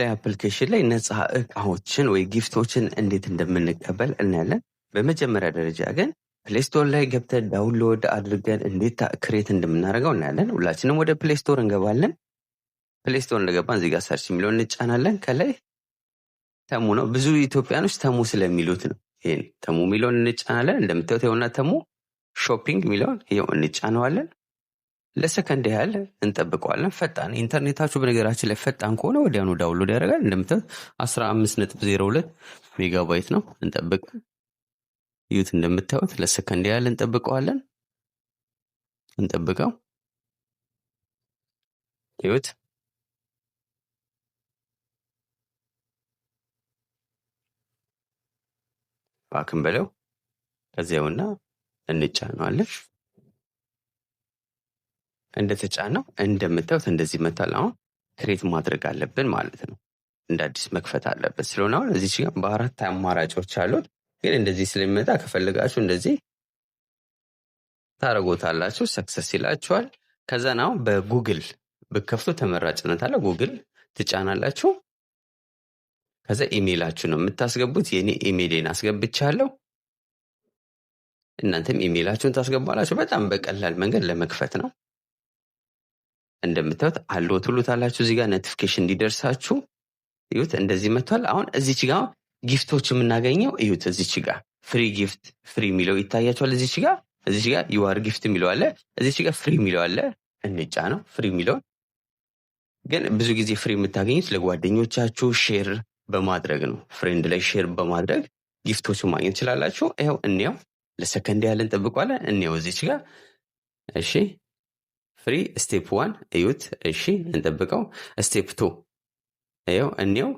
ላይ አፕሊኬሽን ላይ ነፃ እቃዎችን ወይ ጊፍቶችን እንዴት እንደምንቀበል እናያለን። በመጀመሪያ ደረጃ ግን ፕሌስቶር ላይ ገብተን ዳውንሎድ አድርገን እንዴት ክሬት እንደምናደርገው እናያለን። ሁላችንም ወደ ፕሌስቶር እንገባለን። ፕሌስቶር እንደገባን እዚጋ ሰርች የሚለውን እንጫናለን። ከላይ ተሙ ነው። ብዙ ኢትዮጵያኖች ተሙ ስለሚሉት ነው። ይህን ተሙ የሚለውን እንጫናለን። እንደምታዩት የሆና ተሙ ሾፒንግ የሚለውን ይኸው እንጫነዋለን። ለሰከንድ ያህል እንጠብቀዋለን። ፈጣን ኢንተርኔታችሁ በነገራችን ላይ ፈጣን ከሆነ ወዲያኑ ዳውንሎድ ያደርጋል። እንደምታዩት 15.02 ሜጋባይት ነው። እንጠብቅ ዩት እንደምታዩት ለሰከንድ ያህል እንጠብቀዋለን። እንጠብቀው ዩት ባክን በለው ከዚያውና እንጫነዋለን። እንደተጫነው እንደምታዩት እንደዚህ መታል። አሁን ክሬት ማድረግ አለብን ማለት ነው። እንደ አዲስ መክፈት አለበት ስለሆነ አሁን እዚህ በአራት አማራጮች አሉት። ግን እንደዚህ ስለሚመጣ ከፈልጋችሁ እንደዚህ ታደረጎታላችሁ። ሰክሰስ ይላችኋል። ከዛን አሁን በጉግል ብከፍቶ ተመራጭነት አለ። ጉግል ትጫናላችሁ። ከዛ ኢሜይላችሁ ነው የምታስገቡት። የኔ ኢሜይሌን አስገብቻለሁ። እናንተም ኢሜይላችሁን ታስገባላችሁ። በጣም በቀላል መንገድ ለመክፈት ነው። እንደምታዩት አለው ትሉታላችሁ። እዚህ ጋር ኖቲፊኬሽን እንዲደርሳችሁ እዩት። እንደዚህ መጥቷል። አሁን እዚች ጋ ጊፍቶች የምናገኘው እዩት። እዚች ጋ ፍሪ ጊፍት ፍሪ የሚለው ይታያቸዋል እዚች ጋ እዚች ጋ ዩዋር ጊፍት የሚለው አለ። እዚች ጋ ፍሪ የሚለው አለ። እንጫ ነው ፍሪ የሚለውን ግን ብዙ ጊዜ ፍሪ የምታገኙት ለጓደኞቻችሁ ሼር በማድረግ ነው። ፍሬንድ ላይ ሼር በማድረግ ጊፍቶቹ ማግኘት ትችላላችሁ። ይኸው እኒያው ለሰከንድ ያለን እንጠብቋለን። እኒያው እዚች ጋር እሺ ፍሪ ስቴፕ ዋን እዩት። እሺ እንጠብቀው። ስቴፕ ቱ ው እኔው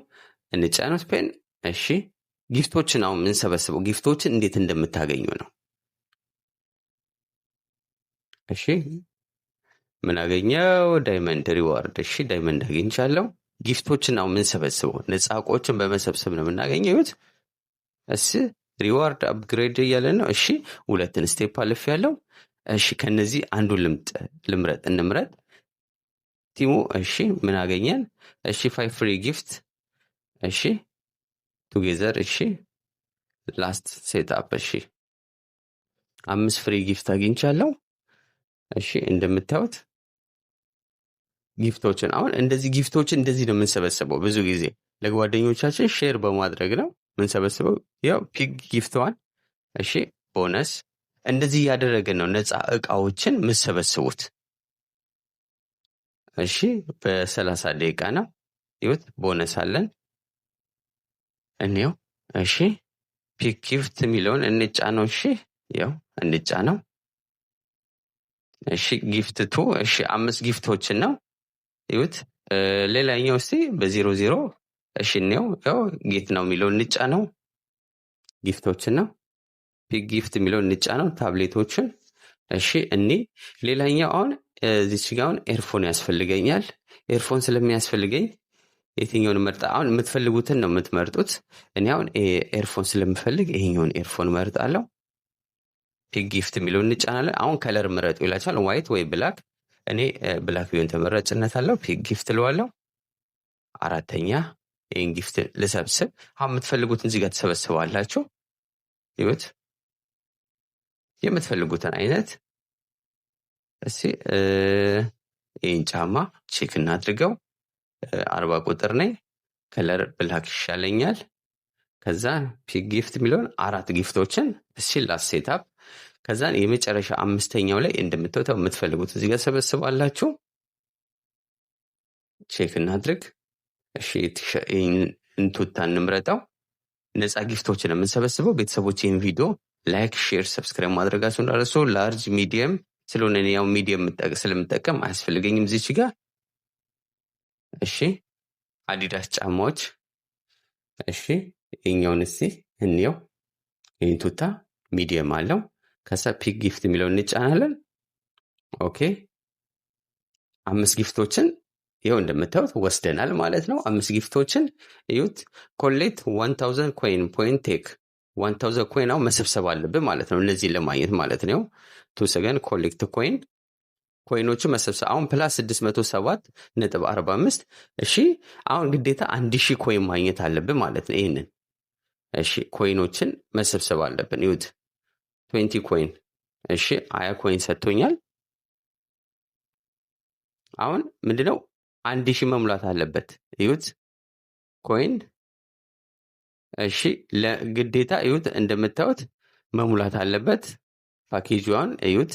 እንጫኑት ፔን። እሺ ጊፍቶችን አሁን የምንሰበስበው ጊፍቶችን እንዴት እንደምታገኙ ነው። እሺ ምን አገኘው? ዳይመንድ ሪዋርድ። እሺ ዳይመንድ አግኝቻለው ጊፍቶችን አሁን የምንሰበስበው ነጻቆችን በመሰብሰብ ነው የምናገኘው። ዩት እስ ሪዋርድ አፕግሬድ እያለን ነው። እሺ ሁለትን ስቴፕ ያለው እሺ ከነዚህ አንዱ ልምጥ ልምረጥ እንምረጥ። ቲሙ እሺ ምን አገኘን? እሺ ፋይ ፍሪ ጊፍት እሺ ቱጌዘር እሺ ላስት ሴትፕ እሺ አምስት ፍሪ ጊፍት አግኝቻለሁ። እሺ እንደምታዩት ጊፍቶችን አሁን እንደዚህ ጊፍቶችን እንደዚህ ነው የምንሰበስበው። ብዙ ጊዜ ለጓደኞቻችን ሼር በማድረግ ነው የምንሰበስበው። ያው ፒግ ጊፍትዋን እሺ ቦነስ እንደዚህ እያደረግን ነው ነፃ እቃዎችን ምሰበስቡት እሺ በሰላሳ ደቂቃ ነው። ይሁት ቦነስ አለን እኔው። እሺ ፒክ የሚለውን እንጫ ነው። እሺ ያው እንጫ ነው። እሺ ጊፍት ቱ እሺ አምስት ጊፍቶችን ነው ይሁት። ሌላኛው እስቲ በዜሮ ዜሮ እሺ እኔው ያው ጌት ነው የሚለውን እንጫ ነው። ጊፍቶችን ነው ፒክ ጊፍት የሚለውን እንጫነው ታብሌቶችን። እሺ እኔ ሌላኛው አሁን እዚች ኤርፎን ያስፈልገኛል። ኤርፎን ስለሚያስፈልገኝ የትኛውን መርጣ አሁን የምትፈልጉትን ነው የምትመርጡት። እኔ አሁን ኤርፎን ስለምፈልግ ይሄኛውን ኤርፎን መርጣለው ፒክ ጊፍት የሚለውን እንጫናለን። አሁን ከለር ምረጡ ይላቸዋል፣ ዋይት ወይ ብላክ። እኔ ብላክ ቢሆን ተመራጭነት አለው። ፒክ ልዋለው። አራተኛ ይህን ጊፍት ልሰብስብ። አሁን የምትፈልጉትን እዚህ ተሰበስባላችሁ ይወት የምትፈልጉትን አይነት እሺ ይህን ጫማ ቼክ እናድርገው። አርባ ቁጥር ነኝ። ከለር ብላክ ይሻለኛል። ከዛ ፒክ ጊፍት የሚለውን አራት ጊፍቶችን እሺ ላስ ሴታፕ ከዛን የመጨረሻ አምስተኛው ላይ እንደምትወተው የምትፈልጉት እዚህ ጋር ሰበስባላችሁ። ቼክ እናድርግ። እሺ እንቱታ እንምረጠው። ነፃ ጊፍቶችን የምንሰበስበው ቤተሰቦች ይህን ቪዲዮ ላይክ፣ ሼር፣ ሰብስክራይብ ማድረጋቸው እንዳረሱ ላርጅ ሚዲየም ስለሆነ ያው ሚዲየም ስለምጠቀም አያስፈልገኝም። እዚች ጋር እሺ፣ አዲዳስ ጫማዎች እሺ፣ ይኛውን እስ እንየው። ይንቱታ ቱታ ሚዲየም አለው። ከዛ ፒክ ጊፍት የሚለውን እንጫናለን። ኦኬ አምስት ጊፍቶችን ይኸው እንደምታዩት ወስደናል ማለት ነው። አምስት ጊፍቶችን እዩት። ኮሌት ዋን ታውዘንድ ኮይን ፖይንት ቴክ ዋንታው ዘ ኮይን አሁን መሰብሰብ አለብህ ማለት ነው። እነዚህን ለማግኘት ማለት ነው። ቱ ሰገን ኮሌክት ኮይን ኮይኖቹ መሰብሰብ አሁን ፕላስ 607 ነጥብ 45 እሺ፣ አሁን ግዴታ አንድ ሺ ኮይን ማግኘት አለብን ማለት ነው። ይህንን እሺ፣ ኮይኖችን መሰብሰብ አለብን። ይሁት 20 ኮይን እሺ፣ አያ ኮይን ሰጥቶኛል። አሁን ምንድነው አንድ ሺ መሙላት አለበት። ይሁት ኮይን እሺ ለግዴታ እዩት፣ እንደምታዩት መሙላት አለበት። ፓኬጅዋን እዩት፣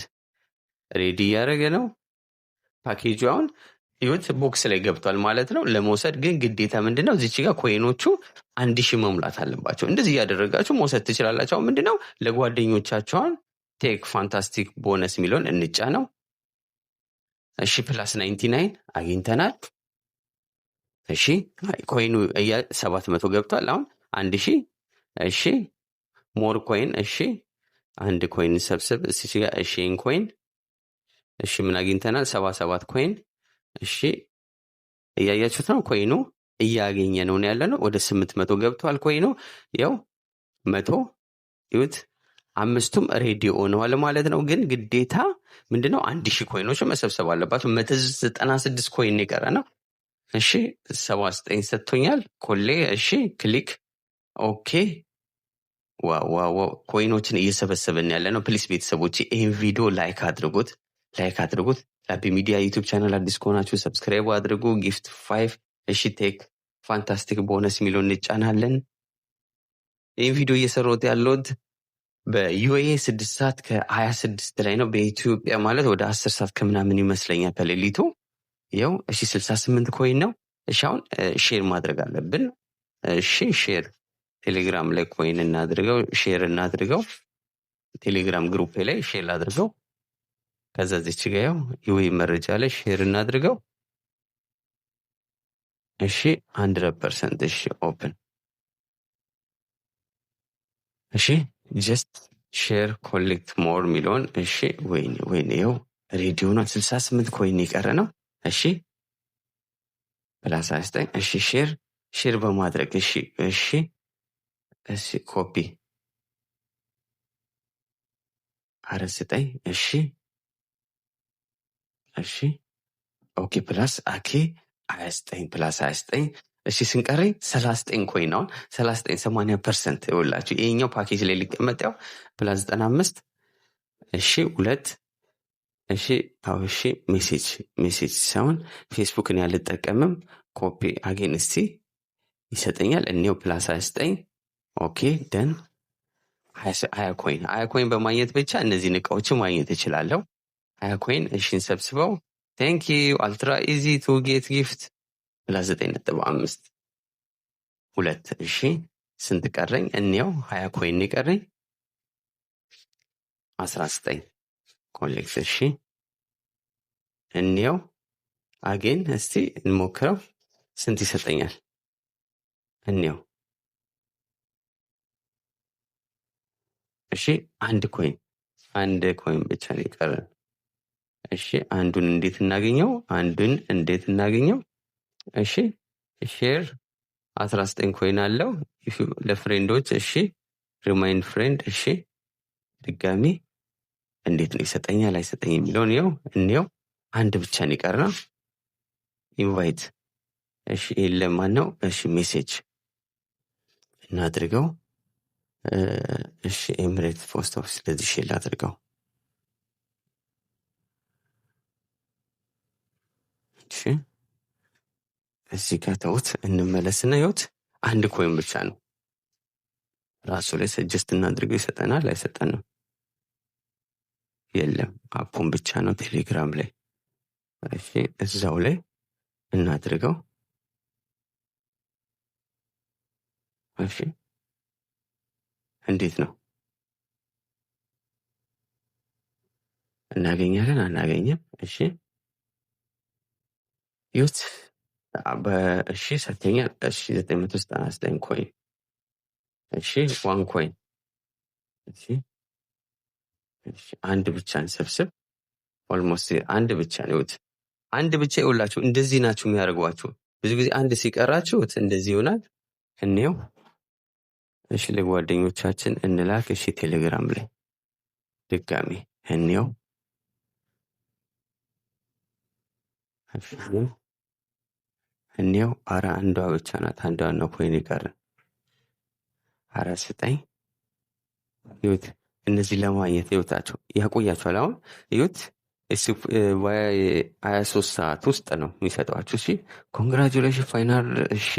ሬዲ እያደረገ ነው። ፓኬጅዋን እዩት፣ ቦክስ ላይ ገብቷል ማለት ነው። ለመውሰድ ግን ግዴታ ምንድነው እዚች ጋር ኮይኖቹ አንድ ሺህ መሙላት አለባቸው። እንደዚህ እያደረጋችሁ መውሰድ ትችላላቸው ምንድነው ነው ለጓደኞቻቸዋን ቴክ ፋንታስቲክ ቦነስ የሚለውን እንጫ ነው። እሺ ፕላስ ናይንቲ ናይን አግኝተናል። እሺ ኮይኑ ሰባት መቶ ገብቷል አሁን አንድ ሺ እሺ፣ ሞር ኮይን እሺ፣ አንድ ኮይን ሰብስብ። እስ ጋር እሺን ኮይን እሺ፣ ምን አግኝተናል? ሰባ ሰባት ኮይን እሺ። እያያችሁት ነው ኮይኑ እያገኘ ነው ያለ ነው። ወደ ስምንት መቶ ገብቷል ኮይኑ ያው መቶ ይሁት አምስቱም ሬዲዮ ሆነዋል ማለት ነው። ግን ግዴታ ምንድነው አንድ ሺህ ኮይኖች መሰብሰብ አለባቸው። መቶ ዘጠና ስድስት ኮይን የቀረ ነው። እሺ ሰባ ዘጠኝ ሰጥቶኛል ኮሌ እሺ ክሊክ ኦኬ። ዋው ኮይኖችን እየሰበሰብን ያለ ነው። ፕሊስ ቤተሰቦች ይህን ቪዲዮ ላይክ አድርጉት፣ ላይክ አድርጉት። ላፒ ሚዲያ ዩቱብ ቻናል አዲስ ከሆናችሁ ሰብስክራይብ አድርጉ። ጊፍት ፋይቭ እሺ፣ ቴክ ፋንታስቲክ ቦነስ የሚለውን እንጫናለን። ይህን ቪዲዮ እየሰራሁት ያለት በዩኤ ስድስት ሰዓት ከሀያ ስድስት ላይ ነው። በኢትዮጵያ ማለት ወደ አስር ሰዓት ከምናምን ይመስለኛል ከሌሊቱ ይኸው። እሺ ስልሳ ስምንት ኮይን ነው። እሺ አሁን ሼር ማድረግ አለብን። እሺ ሼር ቴሌግራም ላይ ኮይን እናድርገው፣ ሼር እናድርገው። ቴሌግራም ግሩፕ ላይ ሼር አድርገው። ከዛ ዚች ጋየው ይወይ መረጃ ላይ ሼር እናድርገው። እሺ፣ ሀንድረድ ፐርሰንት እሺ፣ ኦፕን እሺ፣ ጀስት ሼር ኮሌክት ሞር የሚለውን እሺ፣ ወይኔ ወይኔ፣ ይኸው ሬዲዮ ነው ስልሳ ስምንት ኮይን የቀረ ነው። እሺ ፕላስ 29 እሺ፣ ሼር ሼር በማድረግ እሺ፣ እሺ እሺ ኮፒ አረት ዘጠኝ እሺ እሺ ኦኬ ፕላስ አኬ አያስጠኝ ፕላስ አያስጠኝ እሺ ስንቀረኝ ሰላስጠኝ ዘጠኝ ኮይን አሁን ሰላሳ ፐርሰንት ይውላችሁ ይሄኛው ፓኬጅ ላይ ሊቀመጥ ያው ፕላስ ዘጠና አምስት እሺ ሁለት እሺ አዎ እሺ ሜሴጅ ሜሴጅ ሳይሆን ፌስቡክን ያልጠቀምም ኮፒ አጌን እስቲ ይሰጠኛል እኔው ፕላስ አያስጠኝ ኦኬ ደን ሀያ ኮይን ሀያ ኮይን በማግኘት ብቻ እነዚህን እቃዎችን ማግኘት እችላለሁ። ሀያ ኮይን እሺን ሰብስበው ቴንክ ዩ አልትራ ኢዚ ቱ ጌት ጊፍት ብላ ዘጠኝ ነጥብ አምስት ሁለት እሺ ስንት ቀረኝ? እንያው ሀያ ኮይን ይቀረኝ አስራ ዘጠኝ ኮሌክት እሺ እንየው አጌን እስቲ እንሞክረው ስንት ይሰጠኛል እንየው እሺ አንድ ኮይን አንድ ኮይን ብቻ ነው የቀረን። እሺ አንዱን እንዴት እናገኘው? አንዱን እንዴት እናገኘው? እሺ ሼር አስራ ዘጠኝ ኮይን አለው ለፍሬንዶች። እሺ ሪማይንድ ፍሬንድ። እሺ ድጋሚ እንዴት ነው ይሰጠኛል አይሰጠኝ የሚለውን ው እንየው። አንድ ብቻ ነው የቀረና ኢንቫይት። እሺ የለም ነው? እሺ ሜሴጅ እናድርገው። እሺ ኤምሬት ፖስት ኦፊስ ለዚህ ሼል አድርገው እሺ እዚህ ጋር ተውት እንመለስና ይወት አንድ ኮይን ብቻ ነው ራሱ ላይ ሰጀስት እናድርገው ይሰጠናል አይሰጠንም የለም አፑን ብቻ ነው ቴሌግራም ላይ እሺ እዛው ላይ እናድርገው እሺ እንዴት ነው እናገኛለን አናገኝም? እሺ ዩት በእሺ ሰተኛ እሺ ዘጠኝ መቶ ዘጠና ዘጠኝ ኮይን እሺ ዋን ኮይን እሺ አንድ ብቻ እንሰብስብ። ኦልሞስት አንድ ብቻ ነው። አንድ ብቻ ይውላችሁ። እንደዚህ ናችሁ የሚያደርጓችሁ። ብዙ ጊዜ አንድ ሲቀራችሁት እንደዚህ ይሆናል። እኔው እሺ ለጓደኞቻችን እንላክ። እሺ ቴሌግራም ላይ ድጋሚ እንየው። እንየው። አራ አንዷ ብቻ ናት። አንዷ ነው ኮይን ይቀርን አራት ስጠኝ ይሁት እነዚህ ለማግኘት ይወጣቸው ያቆያቸዋል። አሁን ይሁት ሀያ ሶስት ሰዓት ውስጥ ነው የሚሰጣችሁ እሺ ኮንግራጁሌሽን ፋይናል። እሺ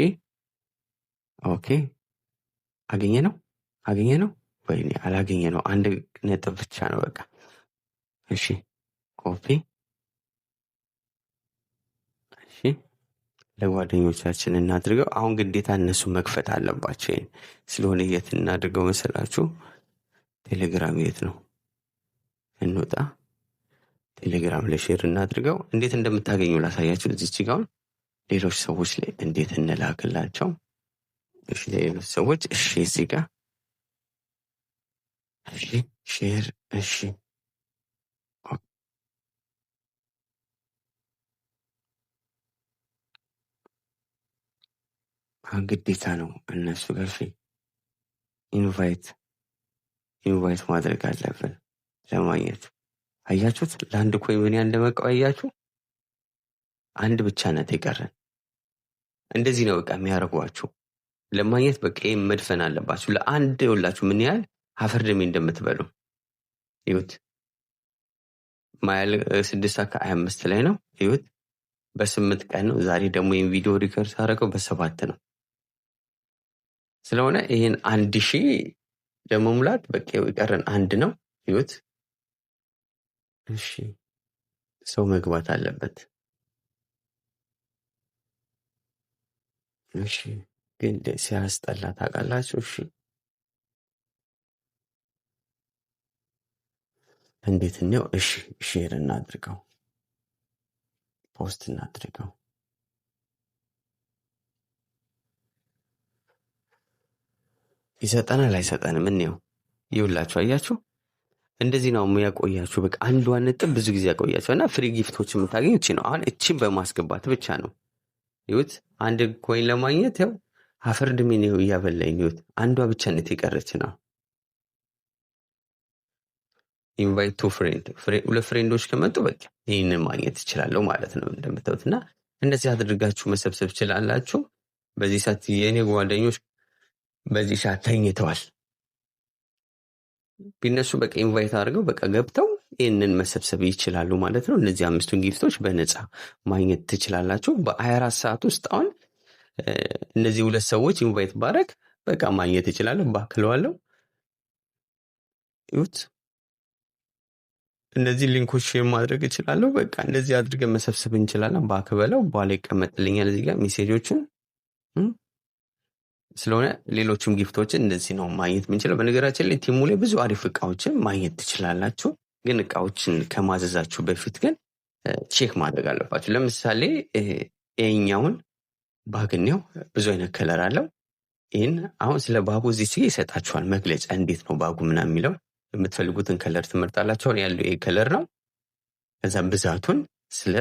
ኦኬ አገኘ ነው አገኘ ነው ወይኔ አላገኘ ነው። አንድ ነጥብ ብቻ ነው በቃ። እሺ ኮፒ እሺ፣ ለጓደኞቻችን እናድርገው። አሁን ግዴታ እነሱ መክፈት አለባቸው። ይሄን ስለሆነ የት እናድርገው መሰላችሁ? ቴሌግራም የት ነው እንውጣ። ቴሌግራም ለሼር እናድርገው። እንዴት እንደምታገኙ ላሳያችሁ። እዚች ጋውን ሌሎች ሰዎች ላይ እንዴት እንላክላቸው እሺ ለሌሎች ሰዎች እሺ እዚህ ጋር እሺ ሼር እሺ ግዴታ ነው እነሱ ጋር እሺ ኢንቫይት ኢንቫይት ማድረግ አለብን ለማግኘት አያችሁት ለአንድ ኮይ ምን ያህል እንደመቀው አያችሁ አንድ ብቻ ነት የቀረን እንደዚህ ነው በቃ የሚያደርጓችሁ ለማግኘት በቃ መድፈን አለባችሁ። ለአንድ የወላችሁ ምን ያህል አፈርድሜ እንደምትበሉ ይሁት ማያል ስድስት አካ አምስት ላይ ነው ይሁት በስምንት ቀን ነው። ዛሬ ደግሞ ይህን ቪዲዮ ሪከርድ ሳደረገው በሰባት ነው ስለሆነ ይህን አንድ ሺ ለመሙላት በቃ የቀረን አንድ ነው ይሁት። እሺ ሰው መግባት አለበት። እሺ ግን ሲያስጠላ ታውቃላችሁ። እሺ እንዴት እኔው እሺ፣ ሼር እናድርገው፣ ፖስት እናድርገው። ይሰጠናል አይሰጠንም? እንየው። ይውላችሁ፣ አያችሁ፣ እንደዚህ ነው ያቆያችሁ። በቃ አንዷን ነጥብ ብዙ ጊዜ ያቆያችሁ እና ፍሪ ጊፍቶች የምታገኝ እቺ ነው። አሁን እቺን በማስገባት ብቻ ነው። ይሁት አንድ ኮይን ለማግኘት ያው አፈር ድሜ ነው እያበላኝ አንዷ ብቻነት የቀረች ነው። ኢንቫይት ቱ ፍሬንድ ሁለት ፍሬንዶች ከመጡ በቃ ይህንን ማግኘት ይችላለሁ ማለት ነው እንደምታዩት እና እንደዚህ አድርጋችሁ መሰብሰብ ችላላችሁ። በዚህ ሰዓት የእኔ ጓደኞች በዚህ ሰዓት ተኝተዋል። ቢነሱ በቃ ኢንቫይት አድርገው በቃ ገብተው ይህንን መሰብሰብ ይችላሉ ማለት ነው። እነዚህ አምስቱን ጊፍቶች በነፃ ማግኘት ትችላላችሁ በ24 ሰዓት ውስጥ አሁን እነዚህ ሁለት ሰዎች ኢንቫይት ባረግ በቃ ማግኘት ይችላለሁ፣ ባክለዋለሁ። ዩት እነዚህ ሊንኮች ሼር ማድረግ እችላለሁ። በቃ እንደዚህ አድርገን መሰብሰብ እንችላለን። ባክበለው በኋላ ይቀመጥልኛል እዚህ ጋር ሜሴጆችን ስለሆነ ሌሎችም ጊፍቶችን እንደዚህ ነው ማግኘት ምንችለው በነገራችን ላይ ቲሙ ላይ ብዙ አሪፍ እቃዎችን ማግኘት ትችላላችሁ። ግን እቃዎችን ከማዘዛችሁ በፊት ግን ቼክ ማድረግ አለባችሁ። ለምሳሌ ይሄኛውን ባግኔው ብዙ አይነት ከለር አለው። ይህን አሁን ስለ ባጉ እዚህ ስ ይሰጣችኋል መግለጫ፣ እንዴት ነው ባጉ ምናምን የሚለው የምትፈልጉትን ከለር ትመርጣላችሁ። ያለው ይሄ ከለር ነው። ከዛ ብዛቱን ስለ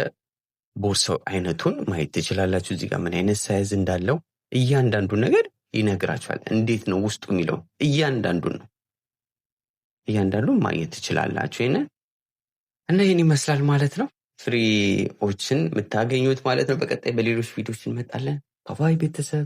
ቦርሳው አይነቱን ማየት ትችላላችሁ። እዚህ ጋር ምን አይነት ሳይዝ እንዳለው እያንዳንዱ ነገር ይነግራችኋል። እንዴት ነው ውስጡ የሚለው እያንዳንዱ ነው እያንዳንዱን ማግኘት ትችላላችሁ። ይነ እና ይህን ይመስላል ማለት ነው። ፍሬዎችን የምታገኙት ማለት ነው። በቀጣይ በሌሎች ቪዲዮች እንመጣለን። ባይ ቤተሰብ